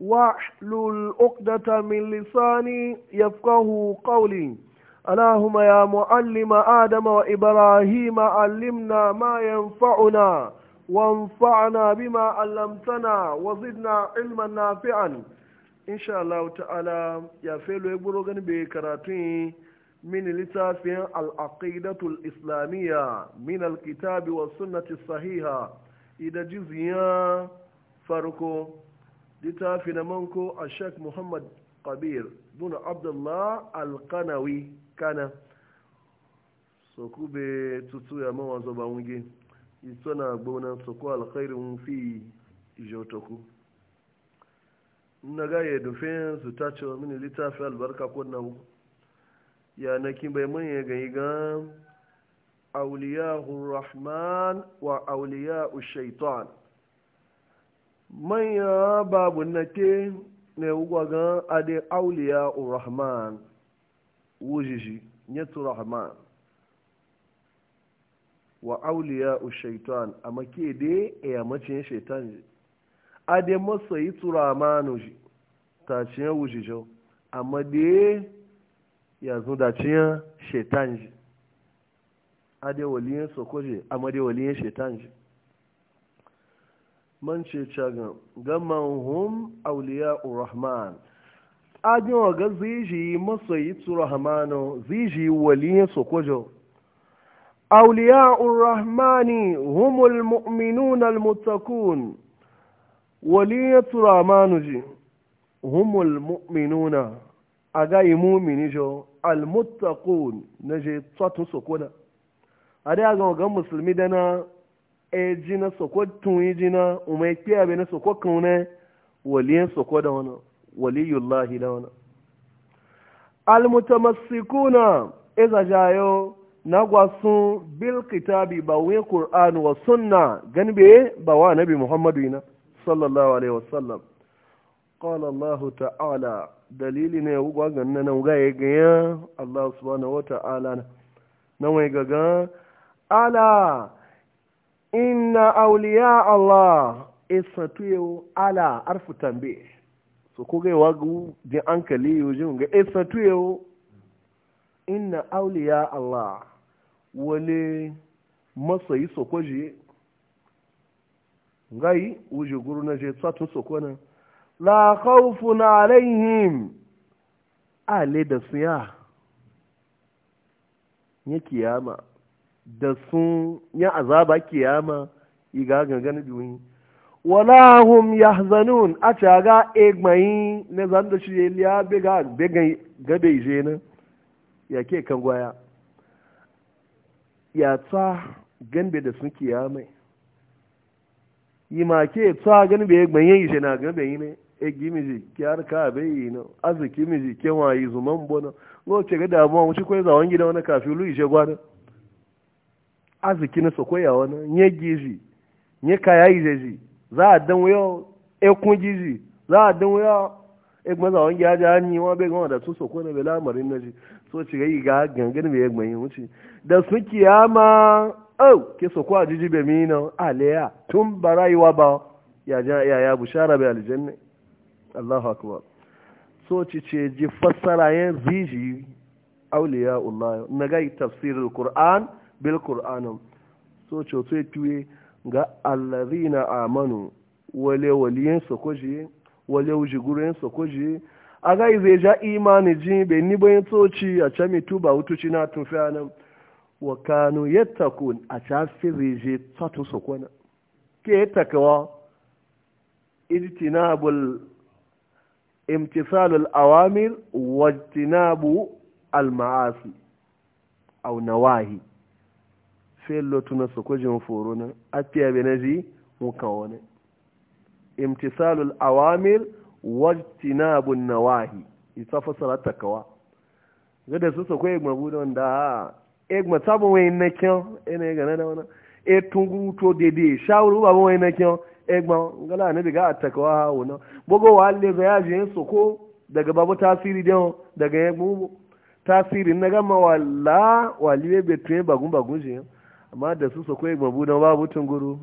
واحلل عقدة من لساني يفقه قولي اللهم يا معلم آدم وإبراهيم علمنا ما ينفعنا وانفعنا بما علمتنا وزدنا علما نافعا إن شاء الله تعالى يا فيلو يبروغن بكراتين من لتافين العقيدة الإسلامية من الكتاب والسنة الصحيحة إذا جزيا فرقو littafi na manko a sheik muhammad kabir bin abdullah alkanawi kana so kube tutu ya mawa zoba wunge ito na gbonan so ko alkhairin fi ijotoku na gaya dufin su tace mini littafi albarka ko na ya na bai manya gani gan auliyahu rahman wa auliyahu shaitan manya babu na ke na ade auliya urahman wujiji nyetu rahman wa auliya ushaitan a make de eya a macin shaitan ji ade masa yi amanu ji ta ciyan wujijo amma de ya zo da ciyan shaitan ji ade waliyan sokoje amma de waliyan shaitan ji man ce cagan gaman hum auliya urahman ajin wa ga ziji masoyi turahmano ziji waliyin sokojo auliya urahmani humul mu'minun waliyan waliyin turahmanu ji humul mu'minun a ga yi mumini jo al-mutakun na je tsatun sokoda. a dai ga musulmi dana e na soko tun yi jina umma ya kiya na soko kan ne waliyan soko da wani waliyullahi da wani almutamassikuna iza jayo na gwasu bil kitabi ba wuyan qur'an wa sunna ganbe ba wa nabi muhammadu ina sallallahu alaihi wasallam qala allah ta'ala dalili ne wuga ganna na wuga ya allah subhanahu wa ta'ala na wai gaga ala inna auliya Allah esatuyo ala arfu tambe so ko ga wagu je ankali yujin ga esatuyo inna auliya Allah wale yi sokoji ngai uji guru na je tsatun sokona la khawfun alaihim ale da siya ne kiyama da sun ya azaba kiyama iga gangan biyu wala hum yahzanun a caga egmayi na zan da shi ya bega bega gabe je na ya ke kan gwaya ya ta ganbe da sun kiyamai yi ma ke tsa ganbe egmayi je na gabe yi ne egi miji kiyar ka bai yi na arziki miji kewa yi zuman bona ngo ce ga damuwa mu shi ya zawon gida wani kafin lu ije gwanin arziki na sokoya wani nye gizi nye kaya izeji za a dan wuyo ekun gizi za a dan wuyo egbe za wani yaji hanyi wa bai gama da su soko na bela marin na ji so ci gai ga gangan mai egbe yin wuce da su kiyama au oh, ke soko a jiji bai mina aliya tun ba rayuwa ba ya ja ya ya bushara bai aljanna Allahu akbar so ci ce ji fassara yin ziji auliya Allah na gai tafsirin Qur'an bil qur'anin so coto ya tuye ga allazina amanu wale waliyen sokoji wale ujiguren sokoji a ga zai ja imani ji bai ni bayan toci a can mitu ba wutuci na tun anan wa kanu yadda kun a ca firije tsatu sokona ke yadda kawa ijtinabul imtisalul awamir wajtinabu al-ma'asi au nawahi fello tuna su kujin foro na afiya bai na ji muka wani imtisalul awamir wajtinabun nawahi isa fasara ta kawa gada su su kwaye mabu da wanda a igma sabon wayin na kyan ina ya gana da wani e tungu to dede shawuru babon wayin na kyan igma gala ne daga a takawa ha wani bugo wa halle zai yaji yin su ko daga babu tasiri dan daga gbogbo tasiri na gama wala waliwe betwe bagun bagun shi amma da su su kai babu don babu tunguru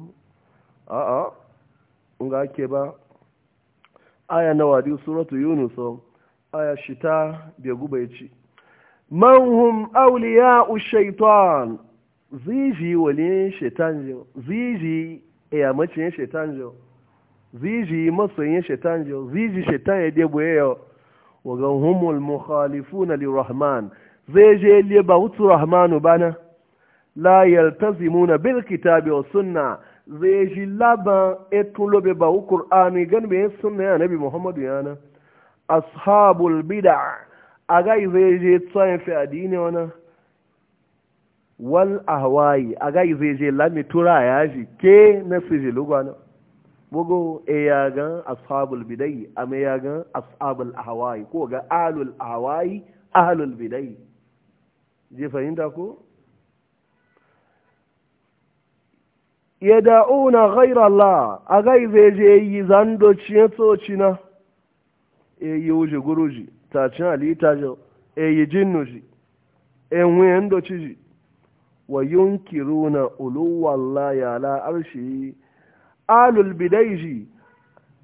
a a ga ake ba aya na wadi suratu yunus aya shita bai guba ci man hum awliya'u shaitan ziji waliyin shaitan jo ziji e ya mace shaitan jo ziji masoyin shaitan jo ziji shaitan ya debo yayo wa ga humul mukhalifuna lirahman zai je liba wutu rahmanu bana la yaltazimuna bil kitabi wa sunna zai ji laban etun lobe ba wu gan be sunna ya nabi muhammadu yana ashabul bid'a ga zai je tsayin fi addini wana wal a ga zai je lami tura ya ji ke na siji lugwana bugu e ya gan ashabul bidai a me ya gan ashabul ahwai ko ga alul ahwai ahlul bidai je fahimta ko yada'una ghayra Allah agai zeje yi zando cin tsocina e yi wuje guruji ta cin alita jo e yi jinnuji e nwen wa yunkiruna na Allah ya la arshi alul bidaiji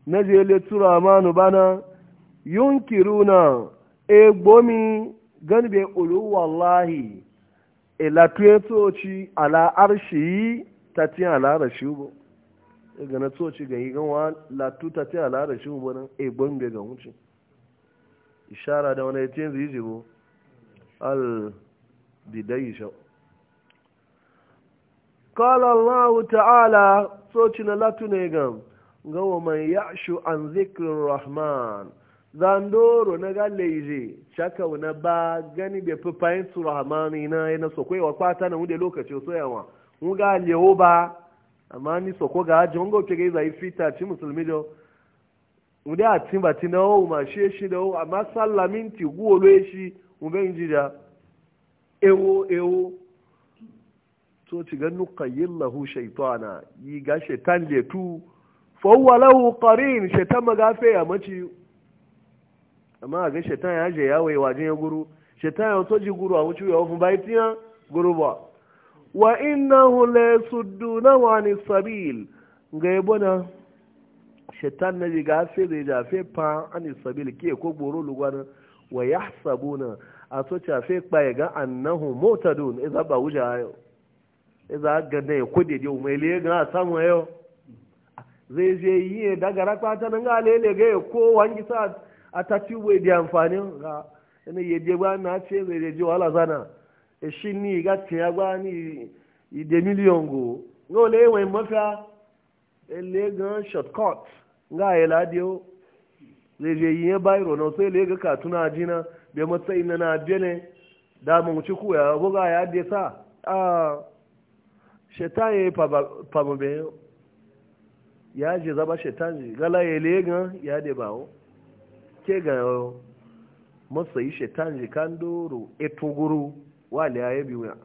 na je le tura manu bana yunkiruna e gbomi ganbe uluwa Allah ala arshi ta ci alara shi ubo e ga na tsoci ga yigan wa latu ta ci alara shi ubo nan e gbambe ga wuce ishara da wani ya ce ji bu al bidai shau قال الله تعالى سوچنا لا ga غو من يعشو عن rahman الرحمن zandoro na galeje shaka na ba gani bai fi fahimtu rahmanu na yana e sokwai wa kwata na wude lokaci soyawa nga lewo ba amma ni soko ga haji wanga ke ga zai fita ci musulmi da ude a timba ti na o oh, ma she shi da o amma sallah minti guwo lo shi mu ben ewo ewo to ci ga nuka yillahu shaytana yi ga shaytan le tu fa huwa lahu qarin magafe ya mace amma ga shaytan ya je ya waye wajen ya guru ya to ji guru a wuce ya ofun bai tiyan guru ba wa innahu la yasuddunahu an sabil ngai bona shaitan na diga fe da ja fe pa an sabil ke ko boro lugwana wa yahsabuna a to cha fe pa ga annahu mutadun idza ba wuja ayo idza ga ne ko de de mai le ga samu ayo zai je yi daga rakwa kwata nan ga lele ga ko wangi sa a ta we di amfani ga ne yeje ba na ce zai je wala zana eshi ni ga tiya gba ni ide miliyon go ngo le we mafia ele gan shortcut nga ela sai le ga ka tuna jina be matsayin na bene da mun ci ku ya de sa a shetan ye pa mo zaba shetan ji gala ele gan ya ke ga matsayi shetan ji kan doro etogoro wale ya yabi wuya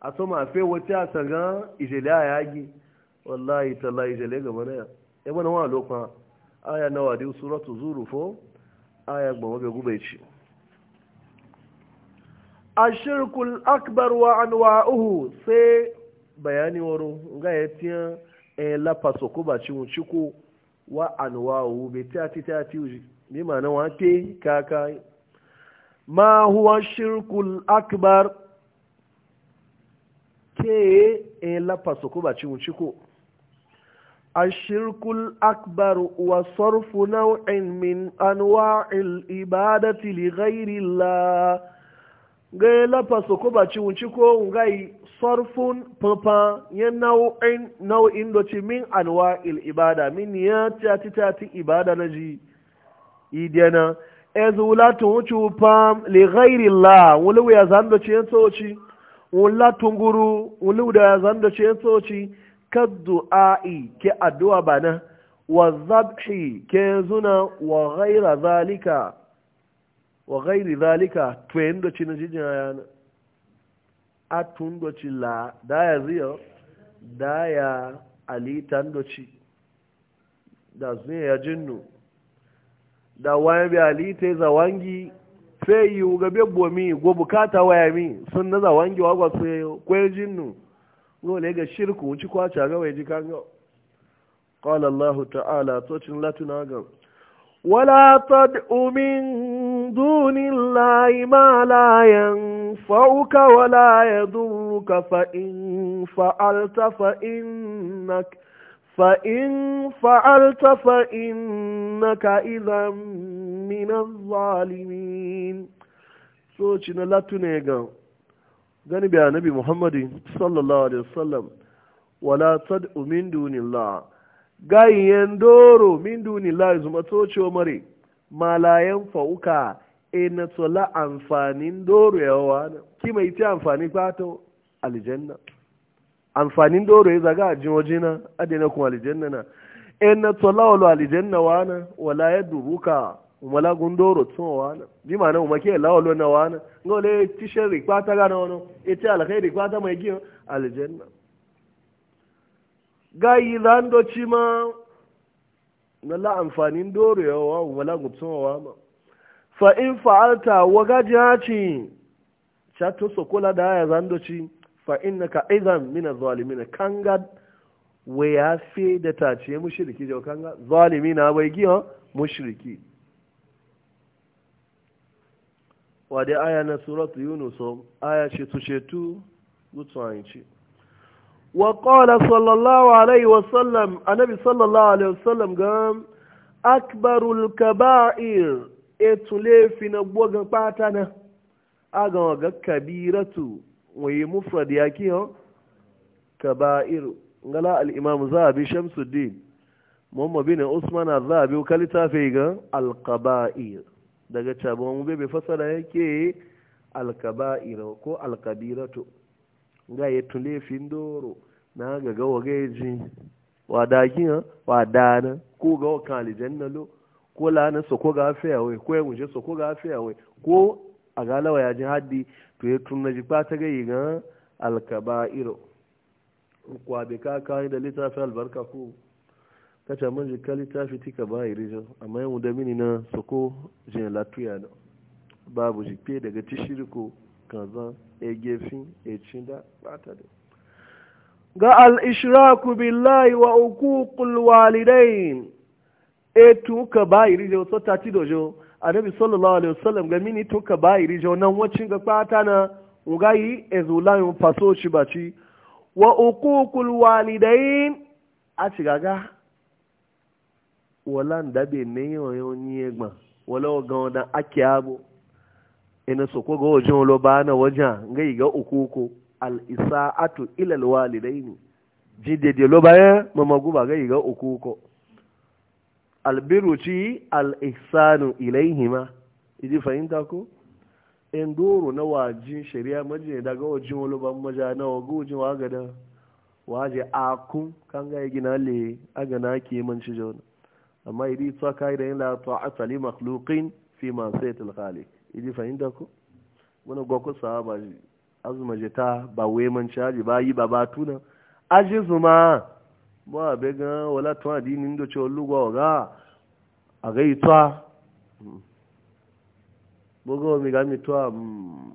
a so ma fe wace a sanga ijele a yagi wallahi talla ijele gaba na ya ya e bana wa lokwa aya na wadi suratu zuru fo aya gbawa bai gube ci ashirkul akbar wa uhu sai bayani waro ga ya tiya e la paso chukwu wa anwa'uhu bi tati tati bi ma ma huwa shirkul akbar ke e lafa su kuba ci ciko akbar wa sarfu nau'in min anwa'il ibadati li ghairi la ga lafa su kuba ci ciko papa ya nau'in nau'in doci min anwa'il ibada min ya tati tati ibada na ji idana ezulatun wucu pam li ghairi la wulu ya zando ce tsoci wula tunguru wulu da ya zando ce tsoci kaddu'a'i ke addu'a bana wa zabhi ke zuna wa ghaira zalika wa ghairi zalika to yanda ci na jijin yana a tun doci la da ya ziyo da ya alitan doci da zuwa ya jinnu da wani bi alita zawangi sai yi ga bebbo mi go bukata waya mi sun na zawangi wa gwasu kwayar jinnu gole ga shirku wuci kwacha ga wai jikan ga qala allah ta'ala to cin latuna ga wala tad'u min Dunin layi, ma la yanfa'uka wala yadurruka fa in fa'alta fa innaka فإن فعلت فإنك إذا من الظالمين سوچنا لا تنيغا غني بيا نبي محمد صلى الله عليه وسلم ولا تدع من دون الله غاي يندورو من دون الله زما توچو مري ما لا ينفعك إن تلا أنفانين دورو يا وانا كي يتي أنفاني باتو الجنة amfanin doro ya zaga jin waje na adina kuma alijanna na in na tsola alijanna wa wana wala ya duruka umala doro tun wana bi ma na umake lawalo na wana ngole tishin rikwata ga gana wano ita e alkhairi rikwata mai giyo aljanna gayi zando ci ma na la amfanin doro yawa tun wa ma fa in fa'alta wa gajiyaci ta to sokola da ya zando ci fa innaka idan mina zalimina kanga we ya fi da ta ce mushriki jau kanga zalimina bai giyo mushriki wa da aya na suratu yunus aya ce tu ce tu gutsanci wa qala sallallahu alaihi wa sallam annabi sallallahu alaihi wa sallam ga akbarul kaba'ir etule fi na gbogan patana aga ga kabiratu wayi mufrad ya kiyo kaba'ir ngala al-imam zabi shamsuddin muhammad bin usman zabi kalita fe ga al-qaba'ir daga tabo mu be fasara yake al-kaba'ir ko al-kabiratu ga ya le findoro na ga ga wageji wa dakin wa na ko ga kan aljanna ko ko na so ko ga fiyawai ko ya so ko ga fiyawai ko a galawa ya ji haddi to ya tunna ji ta gai ga alkaba'iro kwa bai ka kayi da littafi albarka ko kacha man ji ka littafi ti ka rijo amma yin da mini na soko jin latuya da babu jikpe daga tishiriko kaza e gefin e cinda bata da ga al billahi wa uququl walidain etu ka ba rijo so ta ti dojo annabi sallallahu alaihi wasallam ga mini to ka bai rijo nan wacin ga kwata na ugayi ezulayin faso shi baci wa uququl walidain a ci gaga wala ndabe ne yoyo ni egba wala ga dan ake abo ina so ko ga wajen lo ba na wajen ga iga uququ al isaatu ila al walidain jidde de lo ba mama guba ga iga uququ albiru ci al'isanu ilaihima idi fahimta ku in doro na wajin shari'a majin daga wajin wani ban maja na wago wajin waga da waje akun kan ga gina le a gana ke manci shi amma idi ta kai da yin lafa a tsali makhlukin fi masu yi khaliq idi fahimta ku wani gwakwa sahaba azuma ta ba wai manci haji ba yi ba ba tuna ajizuma ba be ga wala tun adini ndo cho lugwa ga aga itwa hmm. bogo mi ga mi twa hmm,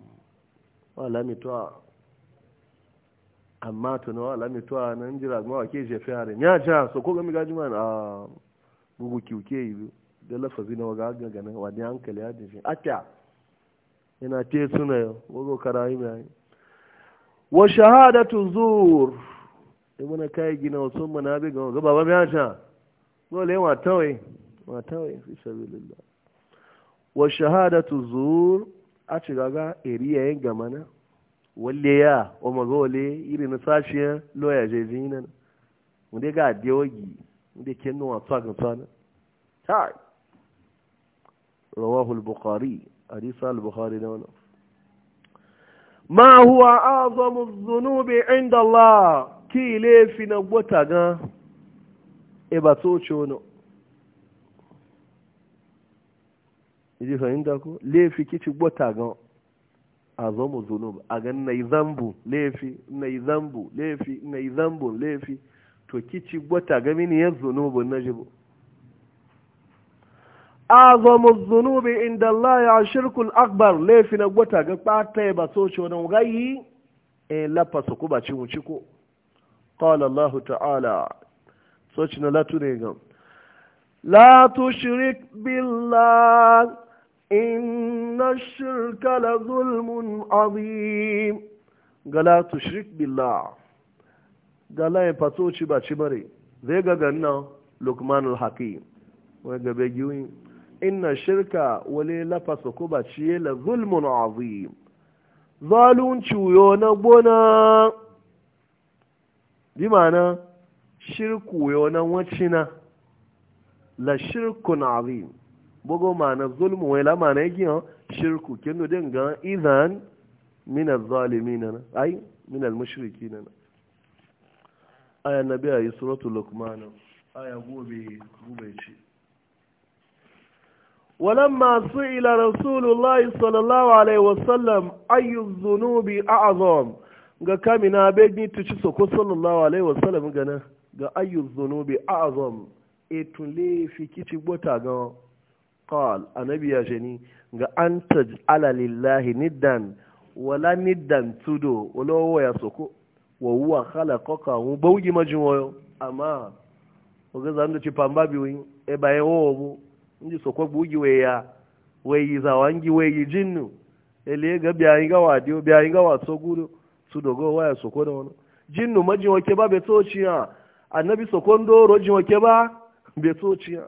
wala mi twa amma tun wala mi twa nan jira ma ke je fare nya ja so ko ga mi ga juma a bugu kiuke yi da lafazi na waga ga gana wani hankali ya jin shi akya ina te suna yau wazo karayi mai wa shahadatu zur ibu na kai gina wasu mana bi ga gaba ba biya ta dole wa tawai wa tawai fi sabilillah wa shahadatu zur a ci gaga eriya yin gama na walle ya o magole iri na sashiya loya je jina na wanda ga adiyogi wanda ke nuna tsakan tsana ta rawahu al-bukhari hadisa al-bukhari da wannan ma huwa azamu dhunubi inda Allah ki ilé fi na gbota gan eba to ce kici gbota gan zunubu a gan na zambu laifi na zambu laifi na to kici gbota ga mini ya zunubu na jibo azamu zunubi inda Allah ya shirkul akbar laifi na gbota ga kpata ba so ce wani gayi e su qala allah ta'ala so cina latu ne gam la tushrik billah inna shirka la zulmun azim gala tushrik billah gala ya fato ci ba ci bare zai ga ganna lukmanul hakim wai gabe giwi inna shirka wale lafasa ko ba ciye la zulmun azim zalunci yo na gona bi ma'ana shirku ya wani wacce na, la shirkun azi. bugu ma'ana zulmu lamana ma'ana gina shirku kendo den ga idan min az na, ay min al na. aya biya yi suratu lokmanu aya gobe gobe ce ولما سئل رسول الله صلى الله عليه وسلم أي الذنوب أعظم ga kamina begni tuci soko sallallahu alaihi wasallam gana ga ayyuz zunubi a'azam etun laifi kici bota ga qal annabi ya jeni ga an taj'ala lillahi niddan wala niddan tudo wala waya soko wa huwa khalaqaka mu bawgi majin wayo amma oga zan da ci pamba biwi e baye wo mu inji soko bugi weya weyi zawangi weyi jinnu ele ga biya inga wadiyo biya inga waso gudu su dogo waya soko da wani jinnu majin wake ba bai tsociya annabi sokon doro jin wake ba bai tsociya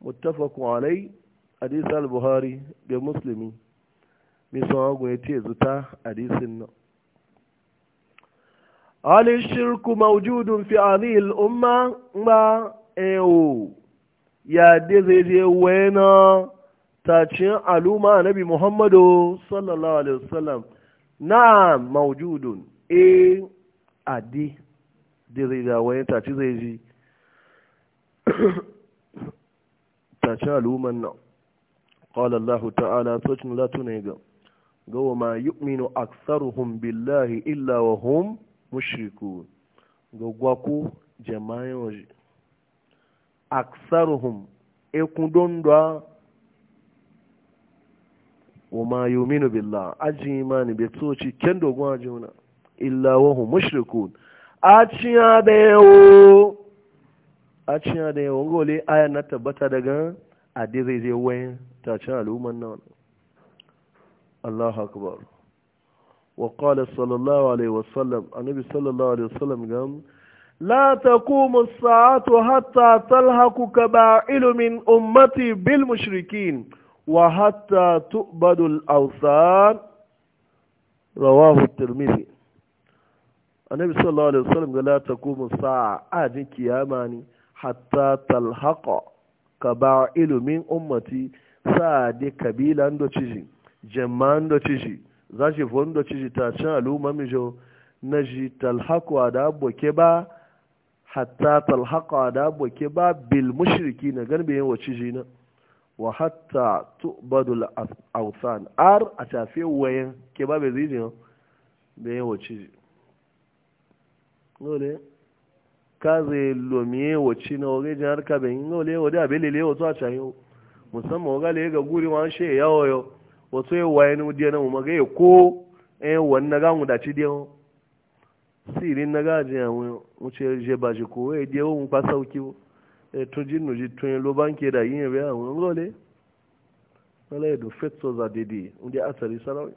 kwanai alai hadis al-buhari da musulmi. mi sawa ya yace zuta hadisin nan ali shirku mawjudun fi hadhihi al-umma ma ewo ya de wena ta cin tacin aluma nabi muhammadu sallallahu alaihi wasallam Na maujudun e adi diri da wani taci zai ji taci al'umman nan ƙwallo allahu ta'ala tocin latunai ga gawo ma yukminu aksaruhun billahi illa wa hum mushriku ga gwaku jama'in waje aksaruhun ekun don don wa ma yi Minu billah aji imani be ci ken dogon aji una illa wa a mushrikun aciya da yawo aciya da yawo gole aya na tabbata daga adire zai wayan ta cin al'umman nan Allahu akbar wa qala sallallahu alaihi wasallam annabi sallallahu alaihi wasallam gam to hatta talhaku ka ba ilimin من bil mashirikin wa hatta tu'badul awthan rawahu tirmidhi annabi sallallahu alaihi wasallam ga la taqumu sa'a a ajin kiyama ne hatta talhaqa kaba'ilu min ummati sa'ade kabila do ciji jama'an do ciji zashi fon do ciji ta cin al'umma mi jo naji talhaqu da boke ba hatta talhaqa da boke ba bil mushriki na ganbe yin wa ciji na wa hatta tu'badul awthan ar atafi tafe wayan ke ba bai zini da yawa ci dole ka zai lomiye wacce na wage jin harka bai yi dole wadda abin lele wato a can musamman waga le ga guri ma she yawo yo o to e waye ni udiya na mu e ko eh wannan ga mu da dace diya sirin na ga je awon o che je ba je ko e eh o mu pa sa fa sauki tun jinnu ji tun lo da yin ya awon gole wala ya dofe za dede inda asali sarau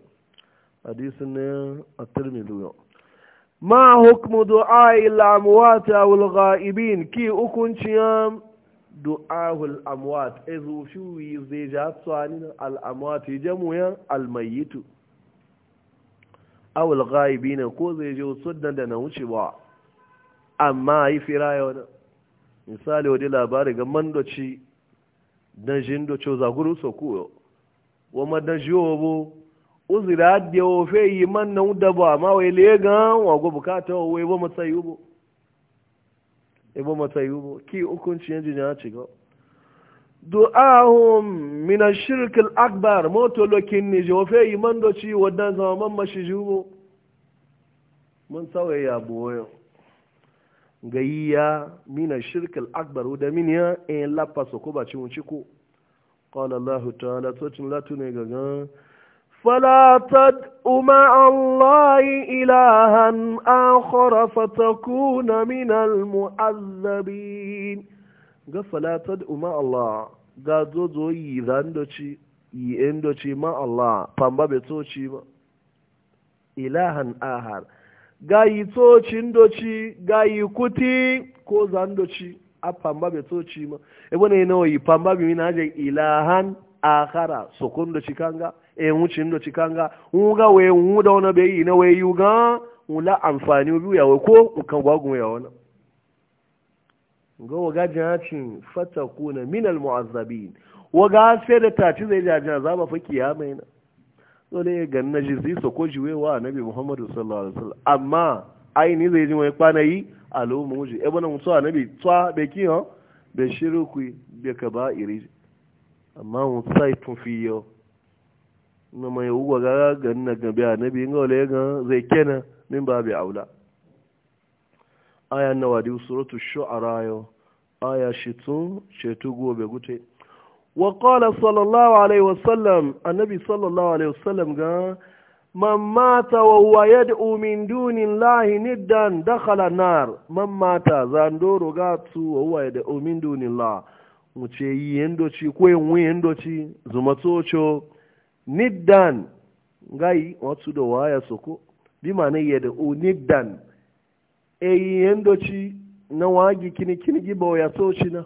hadisin na at-tirmidhi yo ma hukmu du'a il amwat aw al ghaibin ki ukunciya du'a al amwat izu zai zija tsani al amwat jamuya al almayitu a al ghaibin ko zai ji suddan da na wuce ba amma yi firayo misali wani labari ga mandoci don shi do cho za guru so ku wo ma dan jiwo bo uzira de wo fe yi man na uda ba ma wai le ga wa go bukata wa bo ma tsayu bo e bo ma tsayu ki ukun yanzu ya ci ga du'ahum min ash-shirk al-akbar moto lokin ni jo fe yi man do ci wadan zaman ma shi jubo mun sawaye ya boyo gayya mina shirkal akbar da min ya in eh, lafasa su ko ba ci wuce ko qala allah ta'ala to cin latu ne gaga fala ilahan akhar fatakuna min al mu'azzabin ga fala umar allah ga zozo yi zandoci yi endoci ma allah pamba ci ba ilahan ahar gayi tsocin doci gayi kuti ko zan doci a famba bai tsoci ma ebe ne nawa yi famba bi na je ilahan akara soko doci kanga e wucin doci kanga nga we nwuda da wani bai yi na we yu ga wula amfani biyu ya we ko kan gwagun ya wani ga waga jacin fatakuna minal mu'azzabin waga sai da taci zai jaji azaba fa kiyama yana sole ga na ji zai soko jiwewa nabi muhammadu sallallahu alaihi wasallam amma aini zai ji wani kwana yi al'umma wuce ebe na mutuwa nabi tsa bai kiyan be shiru ku be ka ba iri amma mu sai tun fi yau na mai wuwa ga ga na ga biya nabi ga wale ga zai kenan min ba bai aula aya na wadi suratul shu'ara yau aya shitun shetu be gute wa qala sallallahu alaihi wasallam annabi sallallahu alaihi wasallam ga man mata wa huwa yad'u min dunillahi niddan dakhala nar man mata zandoro ga tu wa huwa yad'u min dunillahi mu ce yendo ci ko yendo ci zuma tocho niddan ngai watu da waya soko bi mana yad'u niddan e yendo ci na wagi kini kini gibo ya tochi na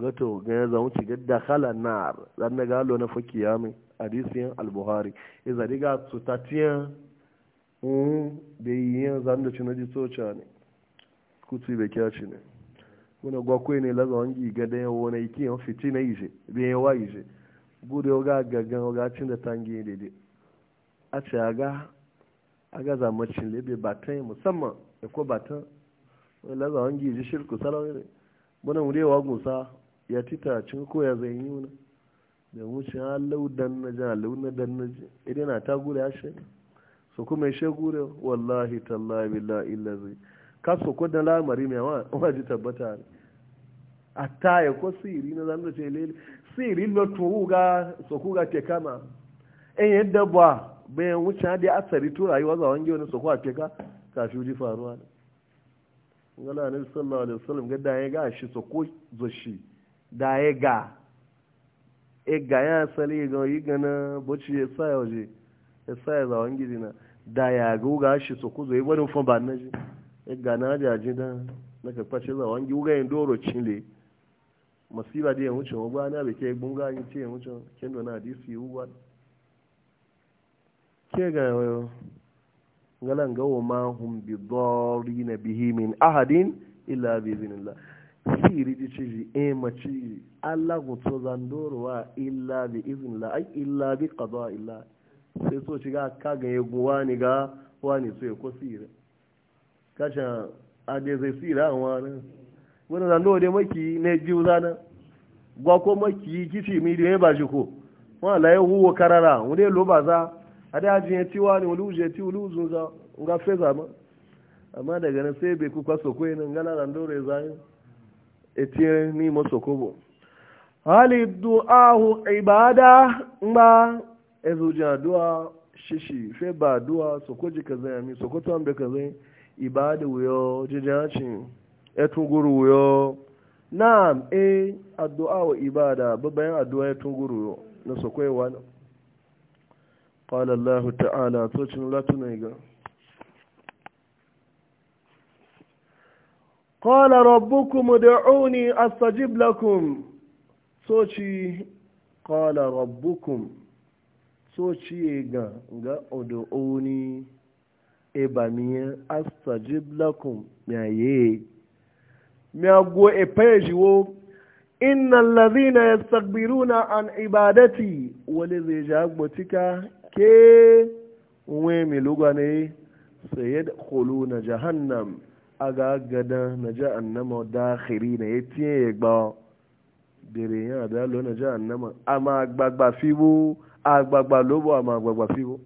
gato ga ya zama ci ga dakhala nar dan na galo na fakiya mai hadisin al-buhari iza diga tutatiya mm be yin zan da cin ji socha ne kutu bai kya ci ne kuna gwakwai ne la zan ga da yan wona yake yan fitina yije be yan wa gudu ya ga gaggan ga cin da tangi daidai a ce aga aga zamacin lebe batan musamman e ko batan wani la wangi ji shirku salawai ne bana wuri dai wa gusa ya tita cin koya zai yi wuna da wuce halau dan na jan halau na dan na ji idan na ta gure a shi su kuma ishe gure wallahi tallahi billah illa zai ka so ko da lamari mai wa ji tabbata ne a ta ya ko siri na zan ce lele siri lo ga so ga ke kama in yadda ba bayan wuce da tsari to rayuwa zawan gewa wani so ko a ka ka shi ji faruwa ne ngala ne sallallahu alaihi wasallam gadda ya ga shi so ko zo shi da ya ya asali ga yi gana bocci ya sa ya waje ya sa ya zawon gidi na da ya ga uga shi so kuzo yi wani na ji ya na na na karfashe zawon gidi uga yin doro cile masiba da ya wuce na bai ke yin ya na yi ke ga yawayo gawo na ahadin illa bi siri di ciji e eh, maci Allah mutu zandorowa illa bi izin la ai illa bi qada illa sai so shiga ka ga yego wani ga wani so ya ko siri kasha ade zai siri a wani wani zandoro dai maki ne biyu zana gwa ko maki kici mi da eh, ba shi ko wani la yawo karara wani lo ba za ade ajin ti wani wani uje ti wani uzun za nga feza ma amma daga nan sai bai kuka so ko yin ngala zandoro zayin etie n'ime sokobo hali du'ahu ibada ngba ezuja du'a shishi fe ba du'a sokoji kaza yami sokoto ambe kaza ibada uyo jejachi etunguru uyo naam e addu'a wa ibada babayan addu'a etunguru uyo na sokwe wana qala allah ta'ala to cin latuna ga قال ربكم ادعوني استجب لكم سوشي قال ربكم سوشي غا غا ادعوني ebamiye astajib lakum yaye miago epejiwo inna alladhina yastakbiruna an ibadati walizijagbotika ke uwe milugane sayadkhuluna jahannam aga gada na ji annama da khiri na ya tiye ya gba bere yan abi alo na ji annama a ma gbagba fibo a gbagba lobo a ma gbagba fibo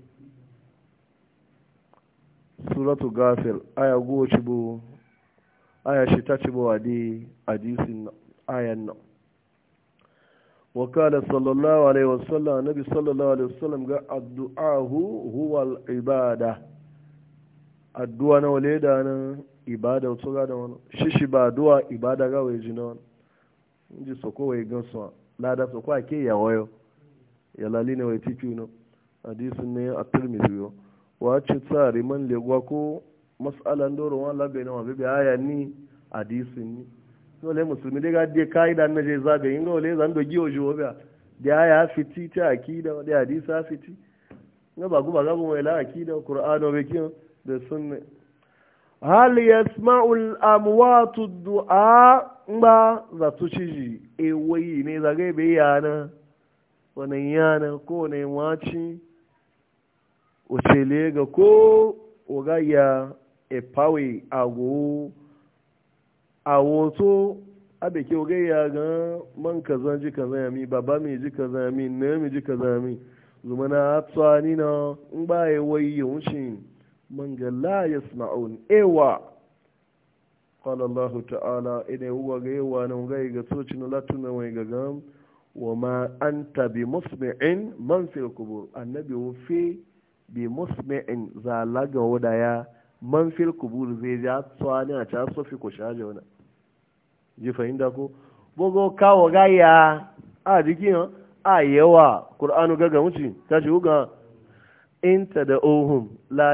suratu aya go ci bo aya shi ta ci bo adi ayan nan وقال صلى الله عليه وسلم النبي ga الله عليه وسلم قال الدعاء هو العباده ibada wato ga da wani shishi ba duwa ibada ga wai ji na wani ji soko wai gan Na lada soko ake yawayo. ya lali ne wai tiki no hadisin ne a tirmidhi yo wa ci tsari man legwa ko mas'alan doro wa labe na wa bi aya ni hadisin ni so le musulmi daga ga dai kaida na je zaga yin dole zan dogi ojo wa ba da aya hafi fiti ta akida da hadisa fiti ga ba guba ga mu wai la akida qur'ano be kin da sunna hal yasma'u al-amwatu du'a ba za su ciji e wayi ne za ga be yana wannan yana ko ne waci o ga ko o ga ya e pawe ago awoto abe ke o ga ya ga man kazan ji kazan ya mi baba mi ji kazan ya mi ne mi ji kazan ya mi zumana tsani na in ba e wayi yunshin من قال لا يسمعون ايوا قال الله تعالى ان هو غي وانا غي غتوچن لا تنوي غغام وما انت بمسمع من في القبور النبي وفي بمسمع زالغا ودايا man fil kubur zai ja tsawani a can sofi ko shaje wani ji fahimta ko bogo kawo gaya a jikin a yawa ƙur'anu gaga wuce ta in ohun la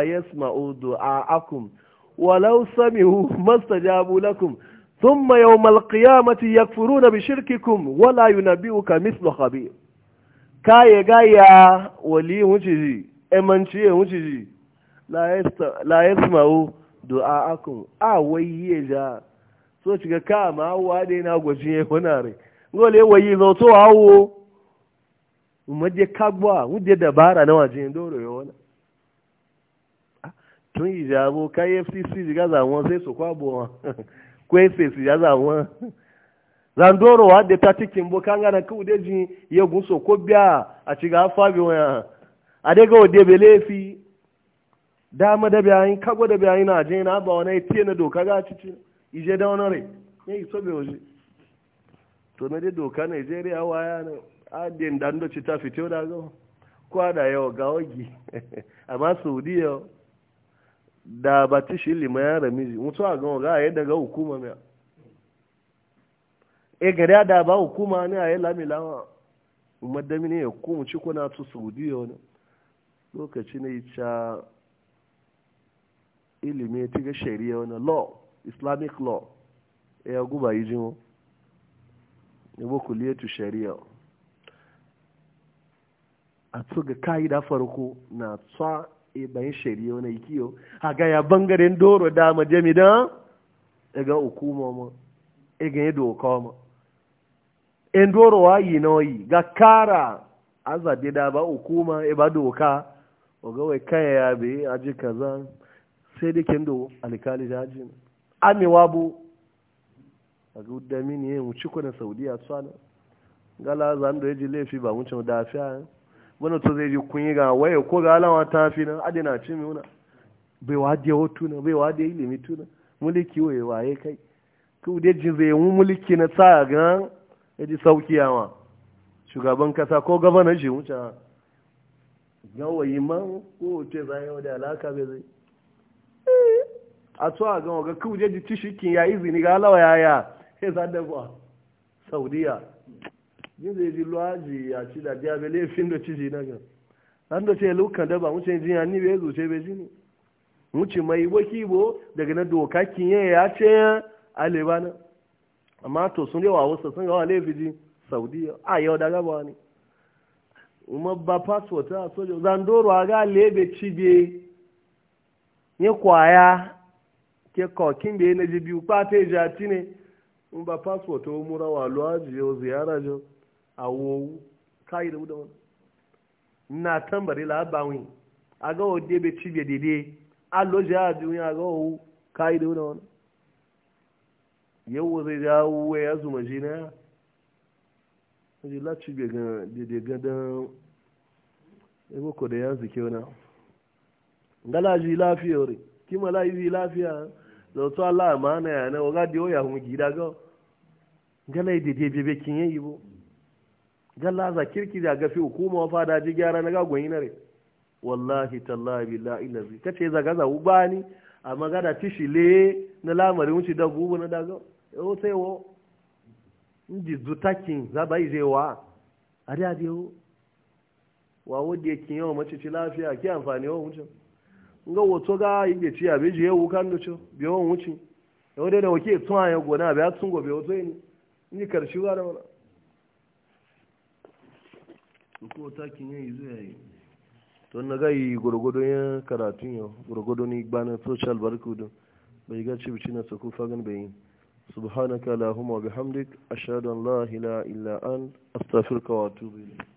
a akum walau sami hu sami'u jabu lakum thumma ya furu na bishirki kum wala na biyu yunabbi'uka mithlu Ka kaye gaya wali wuciji emanci wuciji la yasma'u du'a'akum a waye ja so shiga ka ma wade dai na ya yayi honare gole wayi zo to umaje kagwa wuje dabara na ah, waje ndoro yona tun ijabo ka fcc jigaza wọn sai su kwabo wọn ko fcc jigaza wọn zandoro wa de tatikin bo kanga na ku de jin yegun so ko bia a ciga fabi wọn adega ode belefi dama e da biyayin kago da biyayin na je na ba wani tiye na doka ga cici ije da wani rai ne iso bai waje to na dai doka nigeria waya ne adin da ndo ta fito da go da yau ga ogi amma saudiya da ba ta shi lima ya ramiji mutu a gan ga yadda ga hukuma mai e gari da ba hukuma ne a yi lamilawa madami ne ya kuma ci kuna su saudiya wani lokaci ne ca ilimi ta ga shari'a wani law islamic law ya guba yi jimo ya tu shari'a a tsuga ka'ida farko na tsa ibayin e shari'a na ikiyo a ga ya bangaren doro da majami da ga hukuma ma e ga da doka ma in doro wa yi na ga kara azabi da ba hukuma e ba doka o ga wai kaya ya bi aji kaza sai da kendo alkali jaji amewa bu a ga da mini yin wuci kuna saudiya tsana gala zan da ya ji laifi ba wucin dafiya fiya wani to zai ji kunyi ga waye ko ga alama ta fi nan adina ci mi wuna bai wa da hotu tuna, bai wa da ilimi tuna mulki waye waye kai ku da ji zai mu mulki na sa ga ya ji sauki yawa shugaban kasa ko gabanan shi wuce gawayi man ko ce zai yau da alaka bai zai a to a ga ga ku da ji ci shikin ya izini ga alawa yaya sai zadda ba saudiya yin zai ji luwaji ya ci da biya bai laifin da ciji na ga an da ce lukan da ba mu bai zuce bai jini mu ci mai waki bo daga na doka kinye ya ce a aleba na amma to sun yawa wasu sun yawa laifi saudiya a yau da gaba ne kuma ba passport a sojo zandoro a ga lebe cibe ya kwaya ke na ne ba passport o mura wa ziyara a wowu kayi da wuda na tambari labawin a ga wadda bai cibe dede a loji a duniya a ga wowu kayi da wuda wani yau zai ya zuma jina ya ji lati bai ga dede gadon ebe ko da ya zike wani gala ji lafiya wuri kima la yi lafiya zautu ala ma na yana ga di yau ya hun gida ga gala dede bebe kinye yayi galla za kirki da gafi hukuma wa fada ji gyara na gagon yi nare wallahi tallahi billahi lazi kace za gaza u bani a magana le na lamari wuce da gubu na daga yau sai wo ji zutakin za ba yi wa? a da da yau wa wadda ya kin yawa mace ci lafiya ki amfani wuce in nga wato ga yi ci a ji yau kan da ci biyawan wuce yau dai da wake tun a yau gona biya tun gobe wato yi ni karshe wa da wani ko takin yayi zuwa yi to na ga yi gurgudu ya karatun yau gurgudu ni na social barkudu bai ga ci bici na sako fagan bai yi subhanaka allahumma bihamdik ashhadu an la ilaha illa ant astaghfiruka wa atubu ilayk